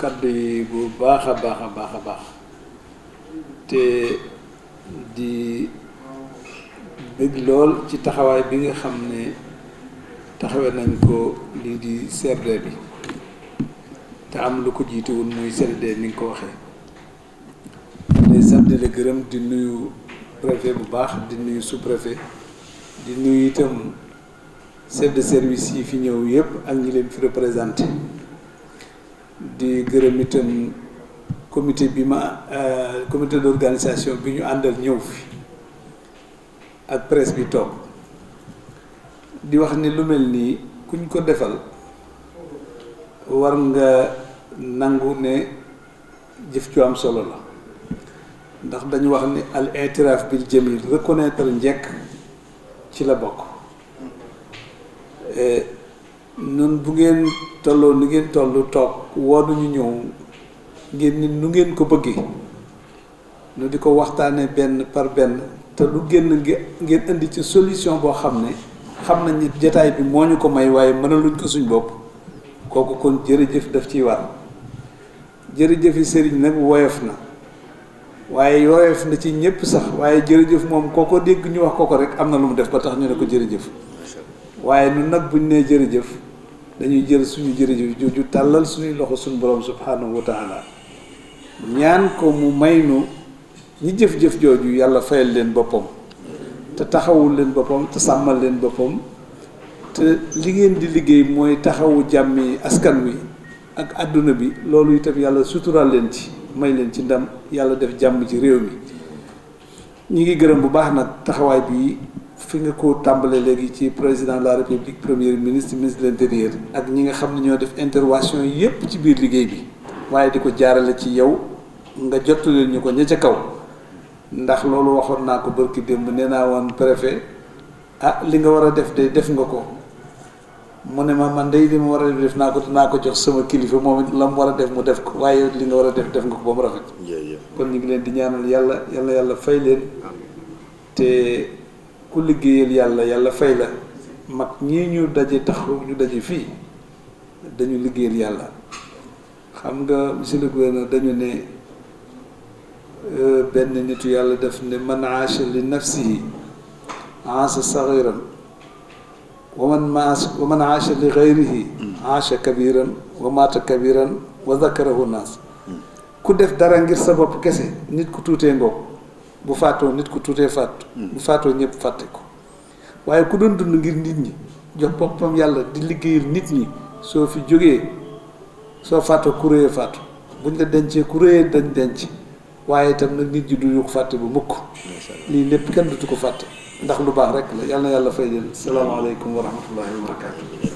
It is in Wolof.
kàddu bu baax a baax a baax te di bëgg lool ci taxawaay bi nga xam ne taxawee nañ ko lii di CRD bi te am lu ko jiituwul muy CRD ni nga ko waxee les sant la gërëm di nuyu préfet bu baax di nuyu sous-préfet di nuyu itam chef de service yi fi ñëw yëpp ak ñi leen fi représenté di gërëm itam comité bi ma euh, comité d'organisation bi ñu andal ñëw fi ak presse bi di wax ni lu mel nii kuñ ko defal war nga nangu ne jëf ci am solo la ndax dañu wax ni al itiraaf bil jamil reconnaître njekk ci la nun bu ngeen tolloo ni ngeen toll toog woonuñu ñëw ngeen ni nu ngeen ko bëggee nu di ko waxtaanee par benn te lu génn ngeen indi ci solution boo xam ne xam nañ ni jataay bi moñu ko may waaye mënaluñ ko suñ bopp kooku kon jërëjëf daf ciy war jërëjëfi sëriñ nag woyof na waaye woyof na ci ñëpp sax waaye jërëjëf moom ko dégg ñu wax kooko rek am na lu mu def ba tax ñu ne ko jërëjëf waaye nu nag buñ nee jërëjëf dañuy jël suñu jërëjëf ju ju tàllal suñuy loxo suñu borom subhanahu wa taala ñaan ko mu may nu ñi jëf-jëf jooju yàlla fayal leen boppam te taxawul leen boppam te sàmmal leen boppam te li ngeen di liggéey mooy taxawu jàmmi askan wi ak àdduna bi loolu itam yàlla suturaal leen ci may leen ci ndam yàlla def jàmm ci réew mi ñi ngi gërëm bu baax nag taxawaay bi fi nga ko tàmbalee léegi ci président de la république premier ministre ministre de l'intérieur ak ñi nga xam ne ñoo def intervention yépp ci biir liggéey bi waaye di ko jaarale ci yow nga jot leen ñu ko ña ca kaw ndax loolu waxoon naa ko bërki démb nee naa woon préfet ah li nga war a def de def nga ko mu ne ma man day li mu war a def naa ko dinaa ko jox sama kilifa moom la mu war a def mu def ko waaye li nga war a def def nga ko ba mu rafet kon ñu ngi leen di ñaanal yàlla yàlla yàlla fay leen ku liggéeyal yàlla yàlla fay la mag ñii ñu daje taxaw ñu daje fii dañu liggéeyal yàlla xam nga monsieur le dañu ne euh, benn nitu yàlla def ne man aasha li nafsihi aasa saxiran wa man maas wa man aasha li xayrihi aasha kabiran wa maata kabiran wa zakarahu naas hmm. ku def dara ngir sa bopp kese nit ku tuutee ngoog bu fàttoo nit ku tuutee faatu hmm. bu faatoo ñëpp fàtte ko waaye ku doon dund ngir nit ñi jox boppam yàlla di liggéeyal nit ñi soo fi jógee soo faatoo ku réyee faatu buñ la dencee ku réyee dañ denc waaye itam nag nit ñi duñu ko fàtte bu mukk lii lépp kenn dutu ko fàtte ndax lu baax rek la yàlla na yàlla fay jël salaamaaleykum wa rahmatullahi wa